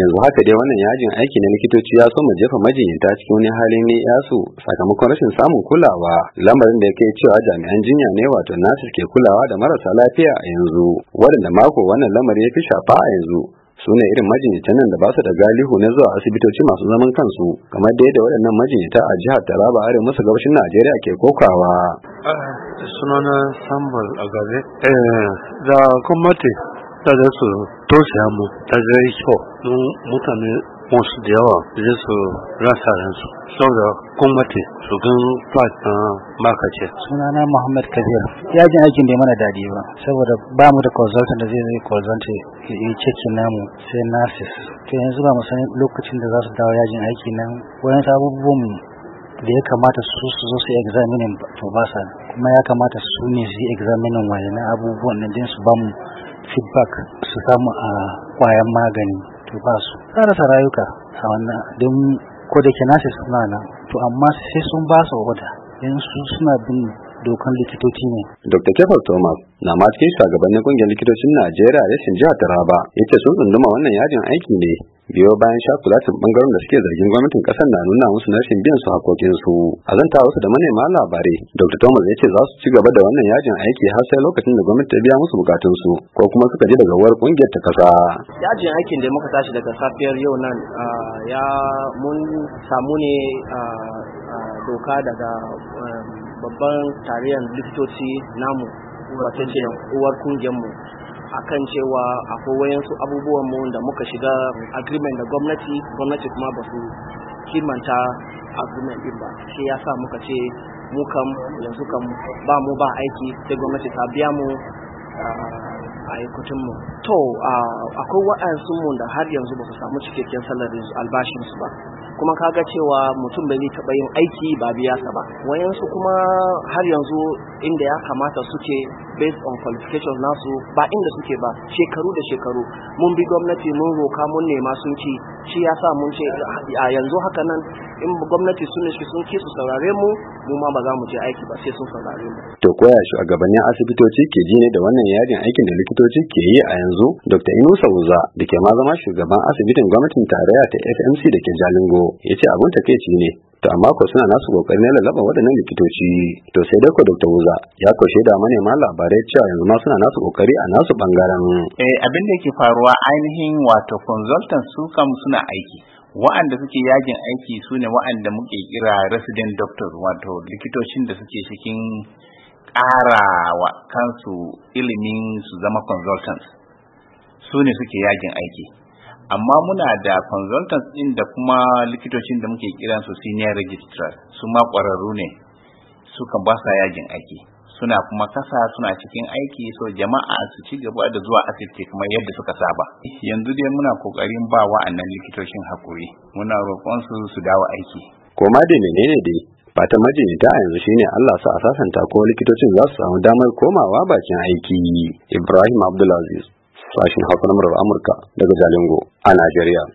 yanzu haka dai wannan yajin aiki na likitoci ya so mu jefa majinyata cikin wani halin ne su, sakamakon rashin samun kulawa lamarin da ya kai cewa jami'an jinya ne wato nasir ke kulawa da marasa lafiya a yanzu waɗanda mako wannan lamari ya fi shafa a yanzu su ne irin majinyatan nan da ba su da galihu na zuwa asibitoci masu zaman kansu kamar da yadda waɗannan majinyata a jihar taraba arewa masu gabashin najeriya ke kokawa ah, sunana tausaya mu ta zai kyau mun mutane wasu da yawa da su rasa ransu saboda gwamnati su gan fatan makace na muhammad kabir Ya ji aikin da mana dadi ba saboda ba mu da consultant da zai zai consultant ya cikin namu sai nurses to yanzu ba mu san lokacin da za su dawo yajin aiki nan wayan abubuwan da ya kamata su su zo su yi examinin to ba sa kuma ya kamata su ne su yi examinin wayannan abubuwan nan din su ba mu feedback su samu a kwayan magani to ba su rasa rayuka a wannan don ko da suna nan to amma sai sun ba su wada yin su suna bin dokan likitoci ne. Dr. Kefar Thomas na ma cikin shugabannin kungiyar likitocin Najeriya rashin jihar Taraba ya ce sun tsunduma wannan yajin aiki ne biyo bayan sha kula ta bangaren da suke zargin gwamnatin kasar na nuna musu na rashin biyan su hakokin su a zanta wasu da manema labarai dr thomas ya ce za su ci gaba da wannan yajin aiki har sai lokacin da gwamnati ta biya musu bukatun su ko kuma suka ji daga uwar kungiyar ta kasa yajin aikin da muka tashi daga safiyar yau nan ya mun samu ne doka daga babban tarayyar likitoci namu wato ce uwar kungiyar mu akan cewa akwai wayansu abubuwan mu da muka shiga agreement da gwamnati gwamnati kuma ba su kimanta agreement din ba shi ya sa muka ce mu kam yanzu kam ba mu ba aiki sai gwamnati ta biya mu ah, a aikutun mu to ah, akwai wa'ansu mu da har yanzu ba su samu cikakken salarin albashin su ba kuma kaga cewa mutum bai taba yin aiki ba biya sa ba wayansu kuma har yanzu inda ya kamata suke based on qualifications nasu ba inda suke ba shekaru da shekaru mun bi gwamnati mun roka mun nema sun ci shi ya sa mun ce a yanzu haka nan in gwamnati sun shi sun ki su saurare mu mu ma ba za mu je aiki ba sai sun saurare mu to koya shugabannin asibitoci ke ji ne da wannan yajin aikin da likitoci ke yi a yanzu dr inusa wuza da ke ma zama shugaban asibitin gwamnatin tarayya ta fmc da ke jalingo ya ce abin takaici ne to amma ko suna nasu kokari na lallaba waɗannan likitoci to sai dai ko Dr. Wuza ya ko shaida manema labarai cewa yanzu ma suna nasu kokari a nasu bangaren eh abin da yake faruwa ainihin wato consultant su kam suna aiki wa'anda suke yajin aiki su ne wa'anda muke kira resident doctor wato likitocin da suke cikin ƙara wa kansu ilimin su zama consultants su ne suke yajin aiki amma muna da consultants din da kuma likitocin da muke kiran su senior registrar su ma ƙwararru ne suka ba sa yajin aiki suna kuma kasa suna cikin aiki so jama'a su ci gaba da zuwa asibiti kamar yadda suka saba yanzu dai muna kokarin ba annan likitocin hakuri muna roƙon su su dawo aiki koma da menene dai fatan majinyata a yanzu shine Allah sa a sasanta ko likitocin za su samu damar komawa bakin aiki Ibrahim Abdulaziz sashen hausa na murar amurka daga jalingo a najeriya